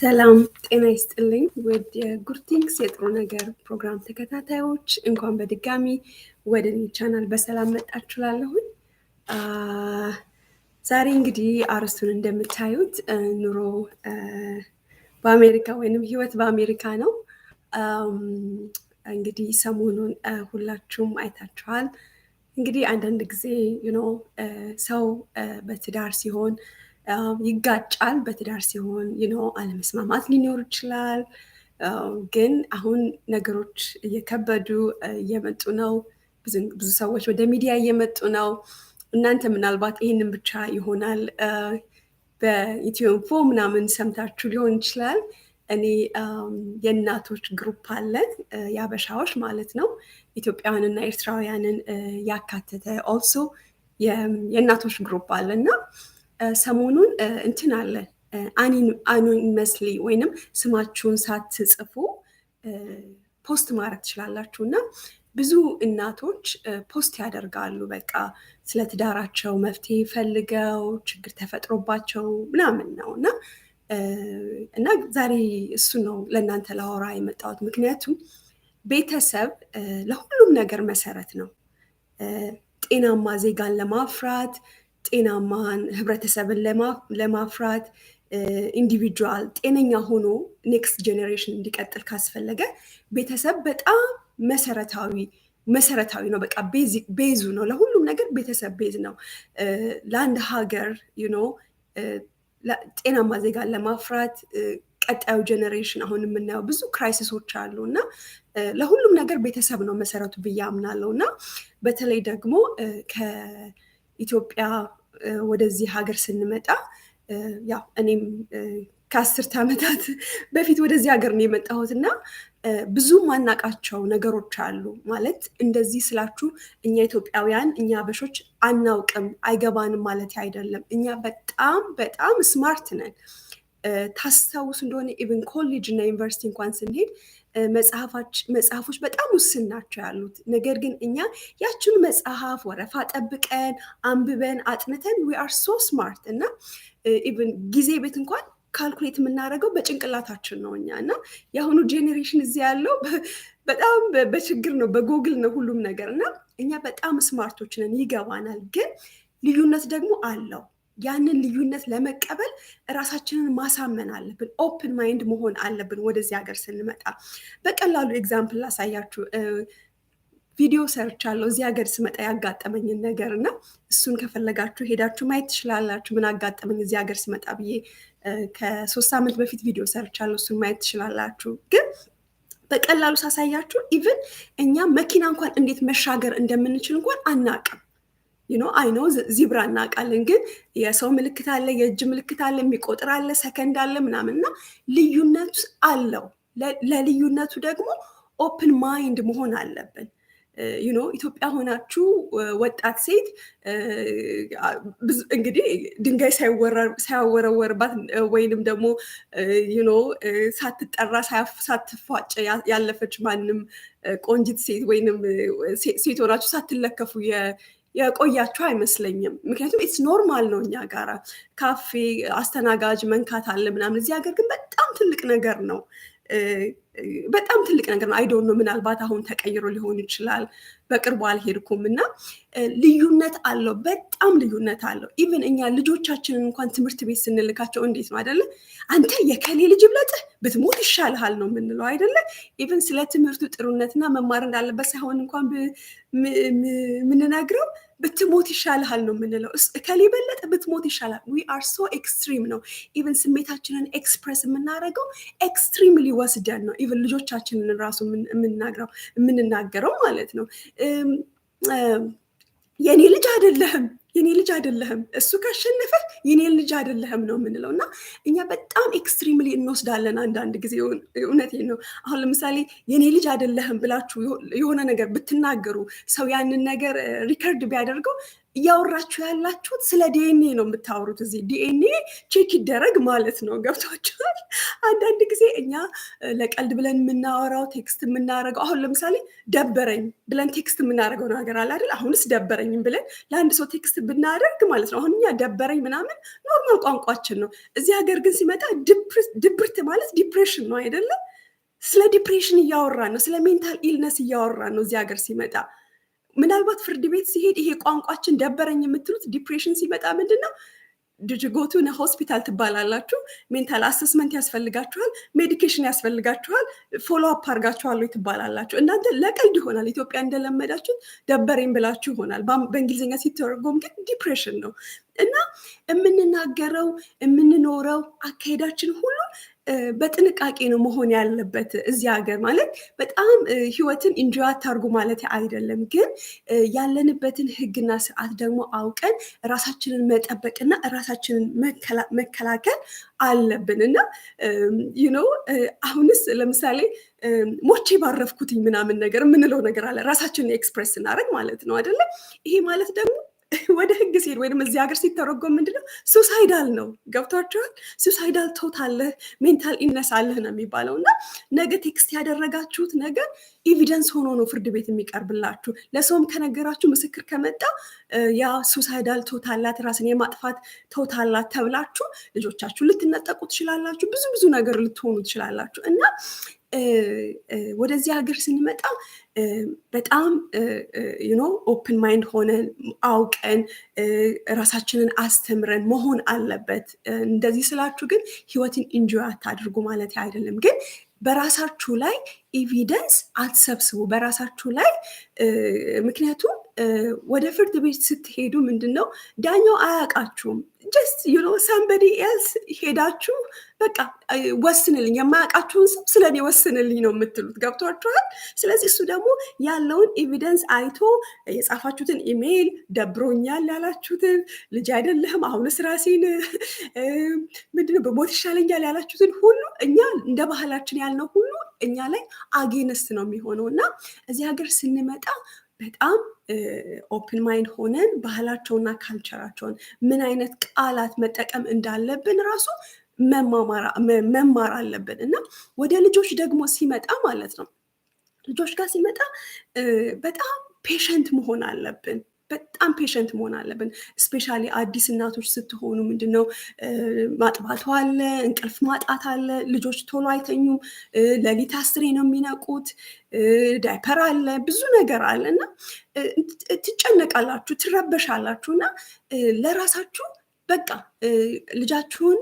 ሰላም ጤና ይስጥልኝ። ውድ የጉርቲንግስ የጥሩ ነገር ፕሮግራም ተከታታዮች እንኳን በድጋሚ ወደ እኔ ቻናል በሰላም መጣችሁ እላለሁኝ። ዛሬ እንግዲህ አርስቱን እንደምታዩት ኑሮ በአሜሪካ ወይንም ህይወት በአሜሪካ ነው። እንግዲህ ሰሞኑን ሁላችሁም አይታችኋል። እንግዲህ አንዳንድ ጊዜ ሰው በትዳር ሲሆን Um, ይጋጫል። በትዳር ሲሆን ይነው አለመስማማት ሊኖር ይችላል። um, ግን አሁን ነገሮች እየከበዱ እየመጡ ነው። ብዙ ሰዎች ወደ ሚዲያ እየመጡ ነው። እናንተ ምናልባት ይህንን ብቻ ይሆናል uh, በኢትዮንፎ ምናምን ሰምታችሁ ሊሆን ይችላል። እኔ um, የእናቶች ግሩፕ አለን uh, የአበሻዎች ማለት ነው ኢትዮጵያውያንና ኤርትራውያንን uh, ያካተተ ኦልሶ የእናቶች ግሩፕ አለና ሰሞኑን እንትን አለ አኖኒመስሊ ወይንም ስማችሁን ሳትጽፉ ፖስት ማድረግ ትችላላችሁ እና ብዙ እናቶች ፖስት ያደርጋሉ። በቃ ስለ ትዳራቸው መፍትሄ ፈልገው ችግር ተፈጥሮባቸው ምናምን ነው እና እና ዛሬ እሱ ነው ለእናንተ ላወራ የመጣሁት። ምክንያቱም ቤተሰብ ለሁሉም ነገር መሰረት ነው። ጤናማ ዜጋን ለማፍራት ጤናማን ህብረተሰብን ለማፍራት ኢንዲቪድዋል ጤነኛ ሆኖ ኔክስት ጄኔሬሽን እንዲቀጥል ካስፈለገ ቤተሰብ በጣም መሰረታዊ መሰረታዊ ነው። በቃ ቤዙ ነው። ለሁሉም ነገር ቤተሰብ ቤዝ ነው። ለአንድ ሀገር ዩኖ ጤናማ ዜጋን ለማፍራት ቀጣዩ ጀኔሬሽን አሁን የምናየው ብዙ ክራይሲሶች አሉ እና ለሁሉም ነገር ቤተሰብ ነው መሰረቱ ብዬ አምናለው እና በተለይ ደግሞ ኢትዮጵያ ወደዚህ ሀገር ስንመጣ ያው እኔም ከአስርት ዓመታት በፊት ወደዚህ ሀገር ነው የመጣሁት እና ብዙ ማናቃቸው ነገሮች አሉ። ማለት እንደዚህ ስላችሁ እኛ ኢትዮጵያውያን እኛ አበሾች አናውቅም አይገባንም ማለት አይደለም። እኛ በጣም በጣም ስማርት ነን። ታስታውስ እንደሆነ ኢቨን ኮሌጅ እና ዩኒቨርሲቲ እንኳን ስንሄድ መጽሐፎች በጣም ውስን ናቸው ያሉት። ነገር ግን እኛ ያችን መጽሐፍ ወረፋ ጠብቀን አንብበን አጥንተን ዊ አር ሶ ስማርት እና ኢቭን ጊዜ ቤት እንኳን ካልኩሌት የምናደርገው በጭንቅላታችን ነው እኛ እና የአሁኑ ጄኔሬሽን እዚህ ያለው በጣም በችግር ነው፣ በጎግል ነው ሁሉም ነገር እና እኛ በጣም ስማርቶች ነን፣ ይገባናል። ግን ልዩነት ደግሞ አለው ያንን ልዩነት ለመቀበል ራሳችንን ማሳመን አለብን። ኦፕን ማይንድ መሆን አለብን። ወደዚህ ሀገር ስንመጣ በቀላሉ ኤግዛምፕል ላሳያችሁ። ቪዲዮ ሰርቻለሁ እዚህ ሀገር ስመጣ ያጋጠመኝን ነገር እና እሱን ከፈለጋችሁ ሄዳችሁ ማየት ትችላላችሁ። ምን አጋጠመኝ እዚህ ሀገር ስመጣ ብዬ ከሶስት ሳምንት በፊት ቪዲዮ ሰርቻለሁ። እሱን ማየት ትችላላችሁ ግን በቀላሉ ሳሳያችሁ ኢቭን እኛ መኪና እንኳን እንዴት መሻገር እንደምንችል እንኳን አናቅም ዩኖ አይኖ ዚብራ እናውቃለን፣ ግን የሰው ምልክት አለ፣ የእጅ ምልክት አለ፣ የሚቆጥር አለ፣ ሰከንድ አለ ምናምን እና ልዩነት አለው። ለልዩነቱ ደግሞ ኦፕን ማይንድ መሆን አለብን። ዩኖ ኢትዮጵያ ሆናችሁ ወጣት ሴት እንግዲህ ድንጋይ ሳያወረወርባት ወይንም ደግሞ ዩኖ ሳትጠራ ሳትፏጭ ያለፈች ማንም ቆንጂት ሴት ወይንም ሴት ሆናችሁ ሳትለከፉ የቆያቸው አይመስለኝም። ምክንያቱም ኢትስ ኖርማል ነው እኛ ጋራ ካፌ አስተናጋጅ መንካት አለ ምናምን። እዚህ ሀገር ግን በጣም ትልቅ ነገር ነው። በጣም ትልቅ ነገር ነው። አይደው ነው ምናልባት አሁን ተቀይሮ ሊሆን ይችላል። በቅርቡ አልሄድኩም እና ልዩነት አለው፣ በጣም ልዩነት አለው። ኢቨን እኛ ልጆቻችንን እንኳን ትምህርት ቤት ስንልካቸው እንዴት ነው አይደለ፣ አንተ የከሌ ልጅ ብለጥህ ብትሞት ይሻልሃል ነው የምንለው አይደለ። ኢቨን ስለ ትምህርቱ ጥሩነትና መማር እንዳለበት ሳይሆን እንኳን ምንነግረው ብትሞት ይሻልሃል ነው የምንለው። ከሊበለጠ ብትሞት ይሻላል። ዊ አር ሶ ኤክስትሪም ነው። ኢቨን ስሜታችንን ኤክስፕረስ የምናደርገው ኤክስትሪም ሊወስደን ነው። ኢቨን ልጆቻችንን ራሱ የምንናገረው ማለት ነው የኔ ልጅ አይደለህም የኔ ልጅ አይደለህም፣ እሱ ካሸነፈ የኔ ልጅ አይደለህም ነው የምንለው። እና እኛ በጣም ኤክስትሪምሊ እንወስዳለን አንዳንድ ጊዜ። እውነቴን ነው። አሁን ለምሳሌ የኔ ልጅ አይደለህም ብላችሁ የሆነ ነገር ብትናገሩ ሰው ያንን ነገር ሪከርድ ቢያደርገው እያወራችሁ ያላችሁት ስለ ዲኤንኤ ነው የምታወሩት። እዚህ ዲኤንኤ ቼክ ይደረግ ማለት ነው። ገብቷችኋል? አንዳንድ ጊዜ እኛ ለቀልድ ብለን የምናወራው ቴክስት የምናደርገው አሁን ለምሳሌ ደበረኝ ብለን ቴክስት የምናደርገው ነገር አለ አይደል? አሁንስ ደበረኝም ብለን ለአንድ ሰው ቴክስት ብናደርግ ማለት ነው። አሁን እኛ ደበረኝ ምናምን ኖርማል ቋንቋችን ነው። እዚህ ሀገር ግን ሲመጣ ድብርት ማለት ዲፕሬሽን ነው አይደለም? ስለ ዲፕሬሽን እያወራን ነው። ስለ ሜንታል ኢልነስ እያወራን ነው እዚህ ሀገር ሲመጣ ምናልባት ፍርድ ቤት ሲሄድ ይሄ ቋንቋችን ደበረኝ የምትሉት ዲፕሬሽን ሲመጣ ምንድን ነው ድጅጎቱ ሆስፒታል ትባላላችሁ፣ ሜንታል አሰስመንት ያስፈልጋችኋል፣ ሜዲኬሽን ያስፈልጋችኋል፣ ፎሎ አፕ አርጋችኋል ትባላላችሁ። እናንተ ለቀልድ ይሆናል ኢትዮጵያ እንደለመዳችሁት ደበሬን ብላችሁ ይሆናል። በእንግሊዝኛ ሲተረጎም ግን ዲፕሬሽን ነው እና የምንናገረው የምንኖረው አካሄዳችን ሁሉ በጥንቃቄ ነው መሆን ያለበት። እዚህ ሀገር ማለት በጣም ህይወትን ኢንጆይ አታርጉ ማለት አይደለም፣ ግን ያለንበትን ህግና ስርዓት ደግሞ አውቀን ራሳችንን መጠበቅና ራሳችንን መከላከል አለብን እና ዩኖ አሁንስ ለምሳሌ ሞቼ ባረፍኩትኝ ምናምን ነገር የምንለው ነገር አለ። ራሳችንን ኤክስፕሬስ ስናደርግ ማለት ነው አይደለም። ይሄ ማለት ደግሞ ወደ ህግ ሲሄድ ወይም እዚህ ሀገር ሲተረጎም ምንድነው ሱሳይዳል ነው። ገብቷቸዋል ሱሳይዳል ቶት አለህ፣ ሜንታል ኢነስ አለህ ነው የሚባለው። እና ነገ ቴክስት ያደረጋችሁት ነገር ኤቪደንስ ሆኖ ነው ፍርድ ቤት የሚቀርብላችሁ። ለሰውም ከነገራችሁ ምስክር ከመጣ ያ ሱሳይዳል ቶት አላት፣ ራስን የማጥፋት ቶት አላት ተብላችሁ ልጆቻችሁ ልትነጠቁ ትችላላችሁ። ብዙ ብዙ ነገር ልትሆኑ ትችላላችሁ እና ወደዚህ ሀገር ስንመጣ በጣም ዩኖ ኦፕን ማይንድ ሆነን አውቀን ራሳችንን አስተምረን መሆን አለበት። እንደዚህ ስላችሁ ግን ህይወትን ኢንጆይ አታድርጉ ማለት አይደለም። ግን በራሳችሁ ላይ ኤቪደንስ አትሰብስቡ በራሳችሁ ላይ። ምክንያቱም ወደ ፍርድ ቤት ስትሄዱ ምንድን ነው ዳኛው አያውቃችሁም። ጀስት ዩኖ ሳምበዲ ኤልስ ሄዳችሁ በቃ ወስንልኝ፣ የማያውቃችሁን ሰው ስለኔ ወስንልኝ ነው የምትሉት። ገብቷችኋል? ስለዚህ እሱ ደግሞ ያለውን ኤቪደንስ አይቶ የጻፋችሁትን ኢሜይል፣ ደብሮኛል ያላችሁትን፣ ልጅ አይደለህም አሁንስ ራሴን ምንድነው በሞት ይሻለኛል ያላችሁትን ሁሉ እኛ እንደ ባህላችን ያልነው ሁሉ እኛ ላይ አጌነስት ነው የሚሆነው እና እዚህ ሀገር ስንመጣ በጣም ኦፕን ማይንድ ሆነን ባህላቸውና ካልቸራቸውን ምን አይነት ቃላት መጠቀም እንዳለብን ራሱ መማር አለብን እና ወደ ልጆች ደግሞ ሲመጣ ማለት ነው ልጆች ጋር ሲመጣ በጣም ፔሸንት መሆን አለብን በጣም ፔሸንት መሆን አለብን። እስፔሻሊ አዲስ እናቶች ስትሆኑ ምንድነው ማጥባቱ አለ፣ እንቅልፍ ማጣት አለ፣ ልጆች ቶሎ አይተኙም፣ ሌሊት አስሬ ነው የሚነቁት፣ ዳይፐር አለ፣ ብዙ ነገር አለ እና ትጨነቃላችሁ፣ ትረበሻላችሁ እና ለራሳችሁ በቃ ልጃችሁን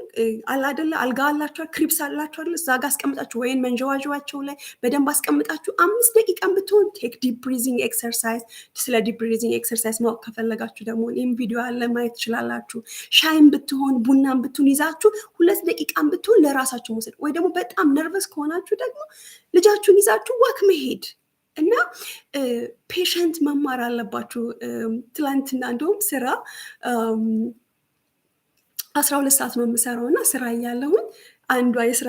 አላደለ አልጋ አላችኋል፣ ክሪፕስ አላችኋል፣ እዛ ጋ አስቀምጣችሁ ወይም መንዣዋዣዋቸው ላይ በደንብ አስቀምጣችሁ አምስት ደቂቃ ብትሆን ቴክ ዲፕ ብሪዚንግ ኤክሰርሳይዝ። ስለ ዲፕ ብሪዚንግ ኤክሰርሳይዝ ማወቅ ከፈለጋችሁ ደግሞ ይህም ቪዲዮ አለ ማየት ትችላላችሁ። ሻይን ብትሆን ቡናን ብትሆን ይዛችሁ ሁለት ደቂቃም ብትሆን ለራሳችሁ መውሰድ፣ ወይ ደግሞ በጣም ነርቨስ ከሆናችሁ ደግሞ ልጃችሁን ይዛችሁ ዋክ መሄድ እና ፔሸንት መማር አለባችሁ። ትላንትና እንደውም ስራ አስራ ሁለት ሰዓት ነው የምሰራው እና ስራ እያለሁኝ አንዷ የስራ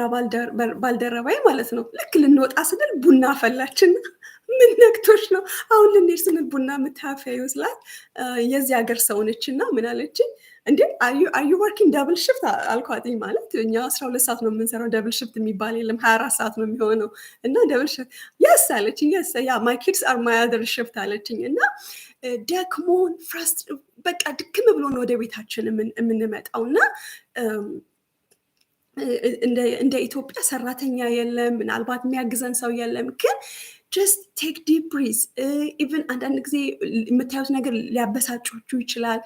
ባልደረባይ ማለት ነው ልክ ልንወጣ ስንል ቡና ፈላችና ምን ነክቶች ነው አሁን ልንሄድ ስንል ቡና የምታፈ ይመስላል የዚህ ሀገር ሰው እና ምን አለችኝ እንዴ አዩ አዩ ወርኪንግ ደብል ሽፍት አልኳትኝ። ማለት እኛ አስራ ሁለት ሰዓት ነው የምንሰራው፣ ደብል ሽፍት የሚባል የለም፣ ሀያ አራት ሰዓት ነው የሚሆነው። እና ደብል ሽፍት የስ አለችኝ። የስ ያ ማይ ኪድስ አር ማይ አደር ሽፍት አለችኝ። እና ደክሞን ፍራስት በቃ ድክም ብሎን ወደ ቤታችን የምንመጣው እና እንደ ኢትዮጵያ ሰራተኛ የለም፣ ምናልባት የሚያግዘን ሰው የለም ግን ጀስት ቴክ ዲፕ ብሬዝ ኢቨን አንዳንድ ጊዜ የምታዩት ነገር ሊያበሳጫችሁ ይችላል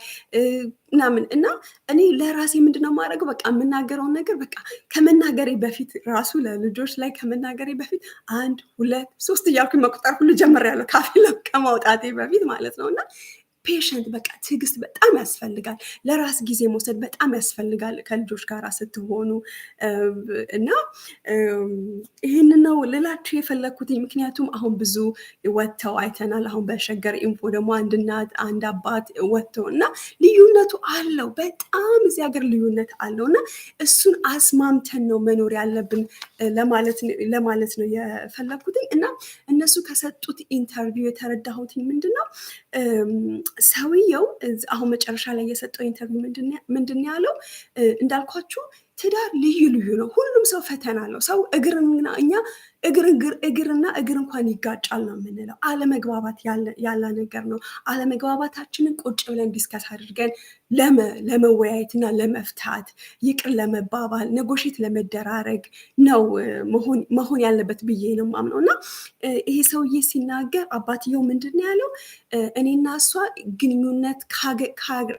ምናምን እና እኔ ለራሴ ምንድነው የማደርገው በቃ የምናገረውን ነገር በቃ ከመናገሬ በፊት ራሱ ለልጆች ላይ ከመናገሬ በፊት አንድ ሁለት ሶስት እያልኩ መቁጠር ሁሉ ጀምር ጀምሬያለሁ ካፌ ከማውጣቴ በፊት ማለት ነው እና ፔሸንት በቃ ትዕግስት በጣም ያስፈልጋል። ለራስ ጊዜ መውሰድ በጣም ያስፈልጋል ከልጆች ጋር ስትሆኑ እና ይህን ነው ልላችሁ የፈለግኩትኝ። ምክንያቱም አሁን ብዙ ወጥተው አይተናል። አሁን በሸገር ኢንፎ ደግሞ አንድ እናት አንድ አባት ወጥተው እና ልዩነቱ አለው በጣም እዚህ ሀገር ልዩነት አለው እና እሱን አስማምተን ነው መኖር ያለብን ለማለት ነው የፈለግኩትኝ እና እነሱ ከሰጡት ኢንተርቪው የተረዳሁትኝ ምንድን ነው ሰውየው አሁን መጨረሻ ላይ የሰጠው ኢንተርቪው ምንድን ያለው እንዳልኳችሁ ትዳር ልዩ ልዩ ነው። ሁሉም ሰው ፈተና አለው። ሰው እግርና እኛ እግርና እግር እንኳን ይጋጫል ነው የምንለው። አለመግባባት ያለ ነገር ነው። አለመግባባታችንን ቁጭ ብለን ዲስከስ አድርገን ለመወያየትና ለመፍታት ይቅር ለመባባል ነጎሼት ለመደራረግ ነው መሆን ያለበት ብዬ ነው የማምነው። እና ይሄ ሰውዬ ሲናገር አባትየው ምንድን ነው ያለው? እኔና እሷ ግንኙነት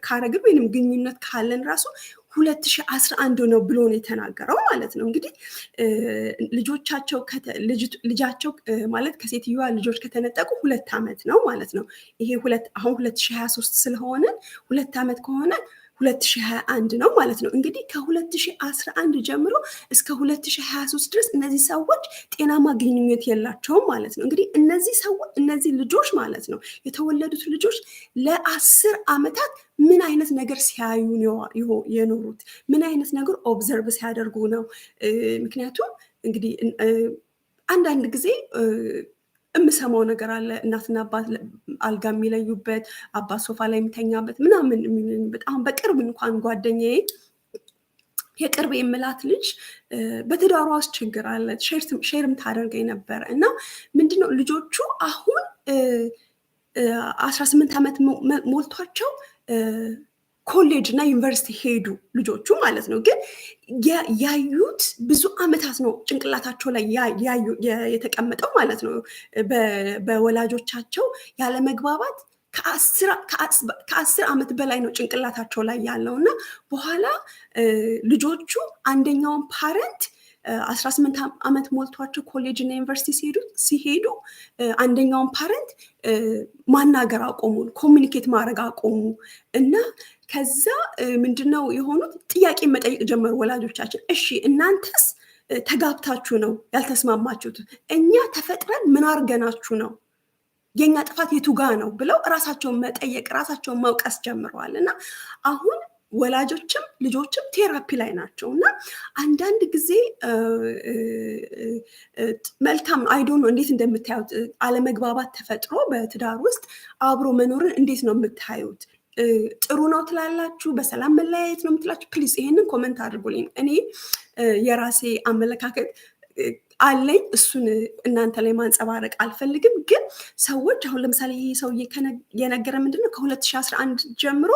ካረግን ወይም ግንኙነት ካለን ራሱ ሁለት ሺህ አስራ አንድ ነው ብሎ ነው የተናገረው ማለት ነው። እንግዲህ ልጆቻቸው ልጃቸው ማለት ከሴትዮዋ ልጆች ከተነጠቁ ሁለት ዓመት ነው ማለት ነው። ይሄ አሁን ሁለት ሺህ ሀያ ሶስት ስለሆነ ሁለት ዓመት ከሆነ 2021 ነው ማለት ነው። እንግዲህ ከ2011 ጀምሮ እስከ 2023 ድረስ እነዚህ ሰዎች ጤናማ ግንኙነት የላቸውም ማለት ነው። እንግዲህ እነዚህ ሰዎች እነዚህ ልጆች ማለት ነው የተወለዱት ልጆች ለአስር ዓመታት ምን አይነት ነገር ሲያዩ የኖሩት ምን አይነት ነገር ኦብዘርቭ ሲያደርጉ ነው? ምክንያቱም እንግዲህ አንዳንድ ጊዜ የምሰማው ነገር አለ። እናትና አባት አልጋ የሚለዩበት፣ አባት ሶፋ ላይ የሚተኛበት ምናምን። በጣም በቅርብ እንኳን ጓደኛዬ የቅርብ የምላት ልጅ በትዳሯ ውስጥ ችግር አለ። ሼርም ታደርገኝ ነበረ እና ምንድነው ልጆቹ አሁን አስራ ስምንት ዓመት ሞልቷቸው ኮሌጅ እና ዩኒቨርሲቲ ሄዱ ልጆቹ ማለት ነው። ግን ያዩት ብዙ አመታት ነው ጭንቅላታቸው ላይ የተቀመጠው ማለት ነው። በወላጆቻቸው ያለመግባባት ከአስር ዓመት በላይ ነው ጭንቅላታቸው ላይ ያለው እና በኋላ ልጆቹ አንደኛውን ፓረንት አስራ ስምንት ዓመት ሞልቷቸው ኮሌጅ እና ዩኒቨርሲቲ ሲሄዱ ሲሄዱ አንደኛውን ፓረንት ማናገር አቆሙ፣ ኮሚኒኬት ማድረግ አቆሙ እና ከዛ ምንድነው የሆኑት ጥያቄ መጠየቅ ጀመሩ ወላጆቻችን። እሺ እናንተስ ተጋብታችሁ ነው ያልተስማማችሁት? እኛ ተፈጥረን ምን አርገናችሁ ነው የእኛ ጥፋት የቱጋ ነው ብለው ራሳቸውን መጠየቅ ራሳቸውን መውቀስ ጀምረዋል እና አሁን ወላጆችም ልጆችም ቴራፒ ላይ ናቸው እና አንዳንድ ጊዜ መልካም አይዶ ነው እንዴት እንደምታዩት አለመግባባት ተፈጥሮ በትዳር ውስጥ አብሮ መኖርን እንዴት ነው የምታዩት? ጥሩ ነው ትላላችሁ? በሰላም መለያየት ነው የምትላችሁ? ፕሊዝ ይሄንን ኮመንት አድርጉልኝ። እኔ የራሴ አመለካከት አለኝ እሱን እናንተ ላይ ማንጸባረቅ አልፈልግም። ግን ሰዎች አሁን ለምሳሌ ይሄ ሰውዬ የነገረ ምንድነው ከ2011 ጀምሮ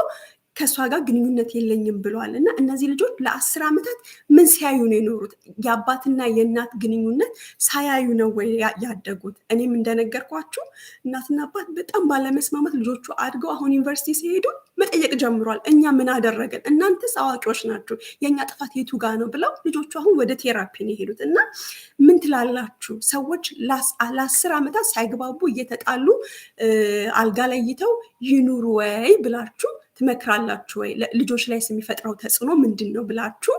ከእሷ ጋር ግንኙነት የለኝም ብለዋል። እና እነዚህ ልጆች ለአስር ዓመታት ምን ሲያዩ ነው የኖሩት? የአባትና የእናት ግንኙነት ሳያዩ ነው ወይ ያደጉት? እኔም እንደነገርኳችሁ እናትና አባት በጣም ባለመስማማት ልጆቹ አድገው አሁን ዩኒቨርሲቲ ሲሄዱ መጠየቅ ጀምሯል። እኛ ምን አደረገን? እናንተስ አዋቂዎች ናችሁ፣ የእኛ ጥፋት የቱ ጋ ነው ብለው ልጆቹ አሁን ወደ ቴራፒ ነው የሄዱት። እና ምን ትላላችሁ ሰዎች ለአስር ዓመታት ሳይግባቡ እየተጣሉ አልጋ ለይተው ይኑሩ ወይ ብላችሁ ትመክራላችሁ ወይ? ልጆች ላይ የሚፈጥረው ተጽዕኖ ምንድን ነው ብላችሁ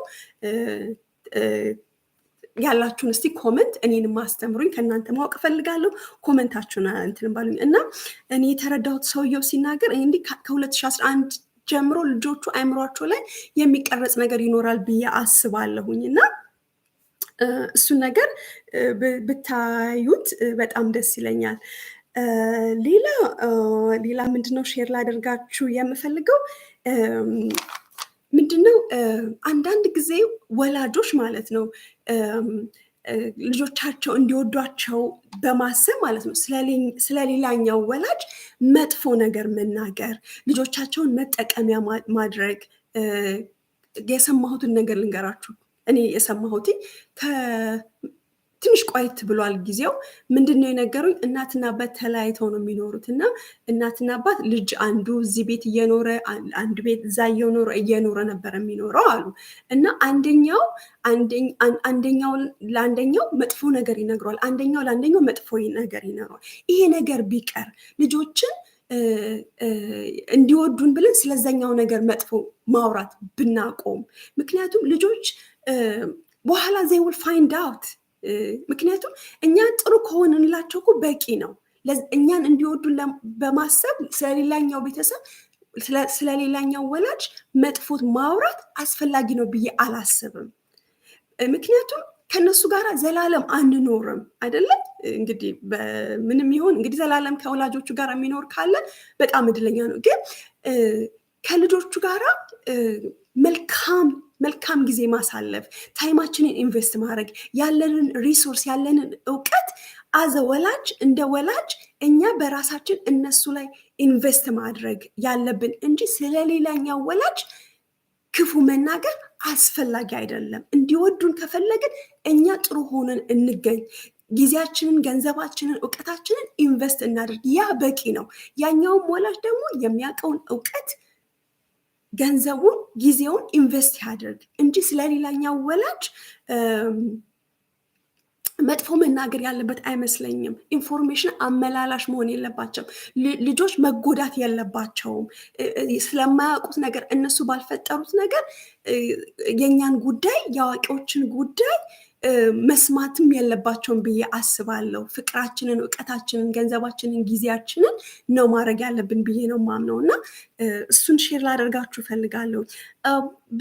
ያላችሁን እስቲ ኮመንት እኔንም አስተምሩኝ። ከእናንተ ማወቅ እፈልጋለሁ። ኮመንታችሁን እንትን ባሉኝ እና እኔ የተረዳሁት ሰውየው ሲናገር እንዲህ ከ2011 ጀምሮ ልጆቹ አይምሯቸው ላይ የሚቀረጽ ነገር ይኖራል ብዬ አስባለሁኝ እና እሱን ነገር ብታዩት በጣም ደስ ይለኛል። ሌላ ሌላ ምንድነው ሼር ላደርጋችሁ የምፈልገው ምንድነው አንዳንድ ጊዜ ወላጆች ማለት ነው ልጆቻቸው እንዲወዷቸው በማሰብ ማለት ነው ስለሌላኛው ወላጅ መጥፎ ነገር መናገር፣ ልጆቻቸውን መጠቀሚያ ማድረግ። የሰማሁትን ነገር ልንገራችሁ። እኔ የሰማሁት ትንሽ ቆየት ብሏል ጊዜው። ምንድን ነው የነገሩኝ? እናትና አባት ተለያይተው ነው የሚኖሩት እና እናትና አባት ልጅ አንዱ እዚህ ቤት እየኖረ አንድ ቤት እዛ እየኖረ እየኖረ ነበር የሚኖረው አሉ እና አንደኛው አንደኛው ለአንደኛው መጥፎ ነገር ይነግሯል፣ አንደኛው ለአንደኛው መጥፎ ነገር ይነግሯል። ይሄ ነገር ቢቀር ልጆችን እንዲወዱን ብለን ስለዛኛው ነገር መጥፎ ማውራት ብናቆም፣ ምክንያቱም ልጆች በኋላ ዜውል ፋይንድ አውት ምክንያቱም እኛን ጥሩ ከሆንንላቸው እኮ በቂ ነው። እኛን እንዲወዱን በማሰብ ስለሌላኛው ቤተሰብ ስለሌላኛው ወላጅ መጥፎት ማውራት አስፈላጊ ነው ብዬ አላስብም። ምክንያቱም ከነሱ ጋር ዘላለም አንኖርም አይደለም። እንግዲህ ምንም ይሆን እንግዲህ ዘላለም ከወላጆቹ ጋር የሚኖር ካለ በጣም እድለኛ ነው። ግን ከልጆቹ ጋራ መልካም መልካም ጊዜ ማሳለፍ፣ ታይማችንን ኢንቨስት ማድረግ፣ ያለንን ሪሶርስ ያለንን እውቀት አዘ ወላጅ እንደ ወላጅ እኛ በራሳችን እነሱ ላይ ኢንቨስት ማድረግ ያለብን እንጂ ስለሌላኛው ወላጅ ክፉ መናገር አስፈላጊ አይደለም። እንዲወዱን ከፈለግን እኛ ጥሩ ሆነን እንገኝ። ጊዜያችንን፣ ገንዘባችንን፣ እውቀታችንን ኢንቨስት እናደርግ። ያ በቂ ነው። ያኛውም ወላጅ ደግሞ የሚያውቀውን እውቀት ገንዘቡን ጊዜውን ኢንቨስት ያድርግ እንጂ ስለሌላኛው ወላጅ መጥፎ መናገር ያለበት አይመስለኝም። ኢንፎርሜሽን አመላላሽ መሆን የለባቸውም። ልጆች መጎዳት የለባቸውም። ስለማያውቁት ነገር እነሱ ባልፈጠሩት ነገር የእኛን ጉዳይ የአዋቂዎችን ጉዳይ መስማትም የለባቸውን ብዬ አስባለሁ። ፍቅራችንን፣ እውቀታችንን፣ ገንዘባችንን፣ ጊዜያችንን ነው ማድረግ ያለብን ብዬ ነው ማምነው እና እሱን ሼር ላደርጋችሁ እፈልጋለሁ።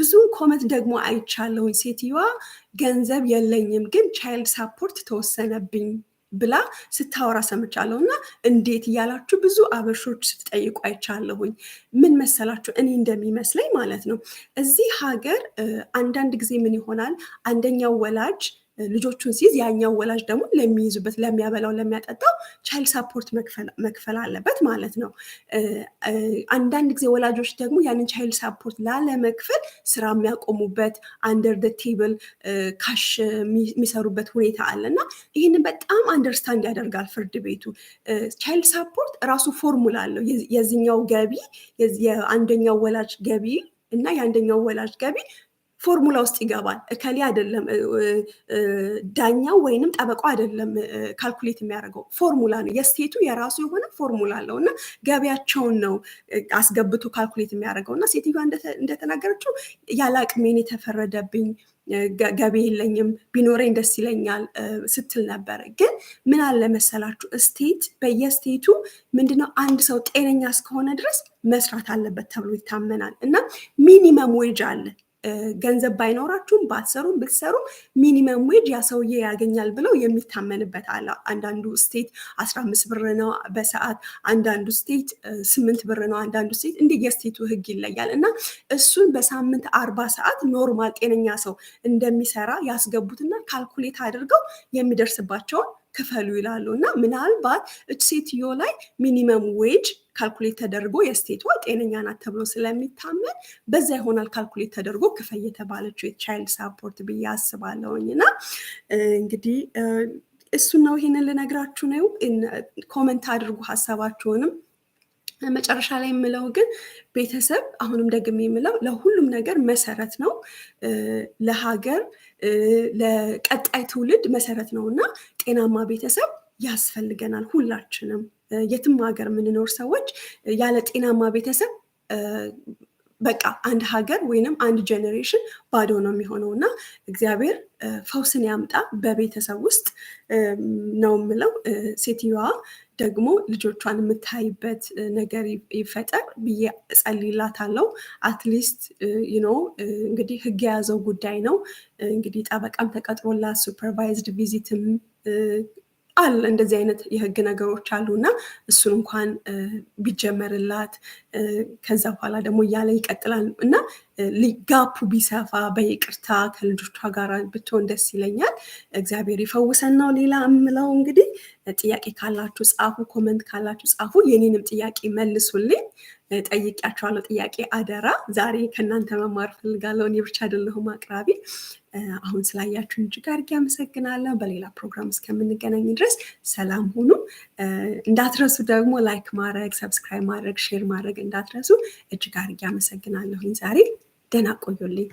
ብዙን ኮመት ደግሞ አይቻለሁኝ። ሴትዮዋ ገንዘብ የለኝም ግን ቻይልድ ሳፖርት ተወሰነብኝ ብላ ስታወራ ሰምቻለሁ እና እንዴት እያላችሁ ብዙ አበሾች ስትጠይቁ አይቻለሁኝ። ምን መሰላችሁ? እኔ እንደሚመስለኝ ማለት ነው እዚህ ሀገር አንዳንድ ጊዜ ምን ይሆናል አንደኛው ወላጅ ልጆቹን ሲይዝ ያኛው ወላጅ ደግሞ ለሚይዙበት፣ ለሚያበላው፣ ለሚያጠጣው ቻይልድ ሳፖርት መክፈል አለበት ማለት ነው። አንዳንድ ጊዜ ወላጆች ደግሞ ያንን ቻይልድ ሳፖርት ላለመክፈል ስራ የሚያቆሙበት አንደር ደ ቴብል ካሽ የሚሰሩበት ሁኔታ አለ እና ይህንን በጣም አንደርስታንድ ያደርጋል ፍርድ ቤቱ። ቻይልድ ሳፖርት ራሱ ፎርሙላ አለው። የዚኛው ገቢ የአንደኛው ወላጅ ገቢ እና የአንደኛው ወላጅ ገቢ ፎርሙላ ውስጥ ይገባል። እከሌ አይደለም ዳኛው ወይንም ጠበቃው አይደለም ካልኩሌት የሚያደርገው ፎርሙላ ነው። የስቴቱ የራሱ የሆነ ፎርሙላ አለው እና ገቢያቸውን ነው አስገብቶ ካልኩሌት የሚያደርገው እና ሴትዮዋ እንደተናገረችው ያለ አቅሜን የተፈረደብኝ ገቢ የለኝም ቢኖረኝ ደስ ይለኛል ስትል ነበር። ግን ምን አለ መሰላችሁ ስቴት በየስቴቱ ምንድነው አንድ ሰው ጤነኛ እስከሆነ ድረስ መስራት አለበት ተብሎ ይታመናል እና ሚኒመም ዌጅ አለ ገንዘብ ባይኖራችሁም ባትሰሩም ብትሰሩም ሚኒመም ዌጅ ያ ሰውዬ ያገኛል ብለው የሚታመንበት አለ። አንዳንዱ ስቴት አስራ አምስት ብር ነው በሰዓት አንዳንዱ ስቴት ስምንት ብር ነው አንዳንዱ ስቴት እንደ የስቴቱ ህግ ይለያል እና እሱን በሳምንት አርባ ሰዓት ኖርማል ጤነኛ ሰው እንደሚሰራ ያስገቡትና ካልኩሌት አድርገው የሚደርስባቸውን ክፈሉ ይላሉ እና ምናልባት እች ሴትዮ ላይ ሚኒመም ዌጅ ካልኩሌት ተደርጎ የስቴቷ ጤነኛ ናት ተብሎ ስለሚታመን በዛ ይሆናል ካልኩሌት ተደርጎ ክፈይ የተባለችው የቻይልድ ሳፖርት ብዬ አስባለውኝ እና እንግዲህ እሱን ነው ይሄንን ልነግራችሁ ነው። ኮመንት አድርጉ ሀሳባችሁንም። መጨረሻ ላይ የምለው ግን ቤተሰብ አሁንም ደግሜ የምለው ለሁሉም ነገር መሰረት ነው፣ ለሀገር ለቀጣይ ትውልድ መሰረት ነው እና ጤናማ ቤተሰብ ያስፈልገናል። ሁላችንም የትም ሀገር የምንኖር ሰዎች ያለ ጤናማ ቤተሰብ በቃ አንድ ሀገር ወይንም አንድ ጀኔሬሽን ባዶ ነው የሚሆነው እና እግዚአብሔር ፈውስን ያምጣ በቤተሰብ ውስጥ ነው የምለው። ሴትዮዋ ደግሞ ልጆቿን የምታይበት ነገር ይፈጠር ብዬ እጸልይላታለሁ። አትሊስት ነው እንግዲህ ህግ የያዘው ጉዳይ ነው። እንግዲህ ጠበቃም ተቀጥሮላት ሱፐርቫይዝድ ቪዚትም አለ እንደዚህ አይነት የህግ ነገሮች አሉ እና እሱን እንኳን ቢጀመርላት ከዛ በኋላ ደግሞ እያለ ይቀጥላል እና ሊጋፑ ቢሰፋ በይቅርታ ከልጆቿ ጋር ብትሆን ደስ ይለኛል። እግዚአብሔር ይፈውሰን ነው። ሌላ የምለው። እንግዲህ ጥያቄ ካላችሁ ጻፉ፣ ኮመንት ካላችሁ ጻፉ። የኔንም ጥያቄ መልሱልኝ። ጠይቂያቸዋለሁ። ጥያቄ አደራ። ዛሬ ከእናንተ መማር ፈልጋለሁ። እኔ ብቻ አይደለሁም አቅራቢ። አሁን ስላያችሁን እጅግ አድርጌ አመሰግናለሁ። በሌላ ፕሮግራም እስከምንገናኝ ድረስ ሰላም ሁኑ። እንዳትረሱ ደግሞ ላይክ ማድረግ፣ ሰብስክራይብ ማድረግ፣ ሼር ማድረግ እንዳትረሱ። እጅግ አድርጌ አመሰግናለሁኝ ዛሬ ደህና ቆዩልኝ።